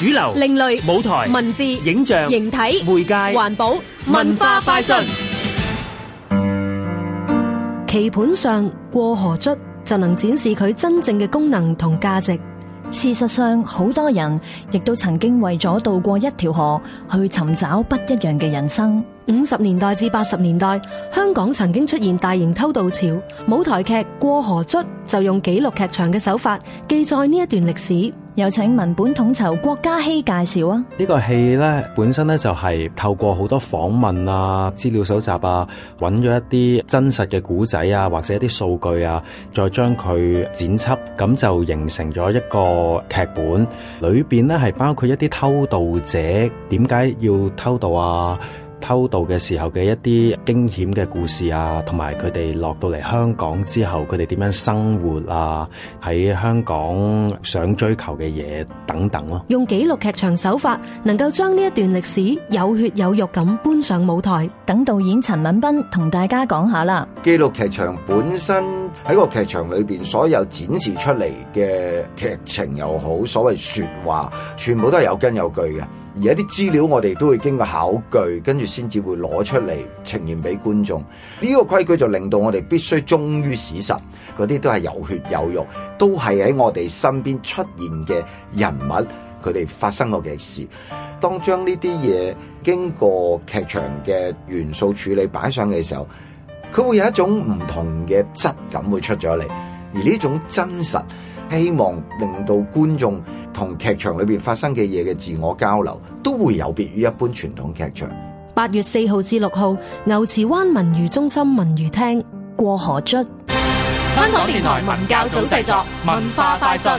主流、另類舞台、文字、影像、形體、媒介、環保、文化快訊。棋盤上過河卒就能展示佢真正嘅功能同價值。事實上，好多人亦都曾經為咗渡過一條河去尋找不一樣嘅人生。五十年代至八十年代，香港曾經出現大型偷渡潮。舞台劇《過河卒》就用紀錄劇場嘅手法記載呢一段歷史。有請文本統籌郭嘉希介紹啊！呢個戲呢，本身呢就係透過好多訪問啊、資料搜集啊，揾咗一啲真實嘅古仔啊，或者一啲數據啊，再將佢剪輯，咁就形成咗一個劇本。裏邊呢係包括一啲偷渡者，點解要偷渡啊？偷渡嘅時候嘅一啲驚險嘅故事啊，同埋佢哋落到嚟香港之後，佢哋點樣生活啊？喺香港想追求嘅嘢等等咯、啊。用紀錄劇場手法，能夠將呢一段歷史有血有肉咁搬上舞台，等導演陳敏斌同大家講下啦。紀錄劇場本身喺個劇場裏邊，所有展示出嚟嘅劇情又好，所謂說話，全部都係有根有據嘅。而一啲資料，我哋都會經過考據，跟住先至會攞出嚟呈現俾觀眾。呢個規矩就令到我哋必須忠於事實，嗰啲都係有血有肉，都係喺我哋身邊出現嘅人物，佢哋發生過嘅事。當將呢啲嘢經過劇場嘅元素處理擺上嘅時候，佢會有一種唔同嘅質感會出咗嚟，而呢種真實希望令到觀眾。同劇場裏邊發生嘅嘢嘅自我交流，都會有別於一般傳統劇場。八月四號至六號，牛池灣文娛中心文娛廳過河卒。香港電台文教組製作文化快訊。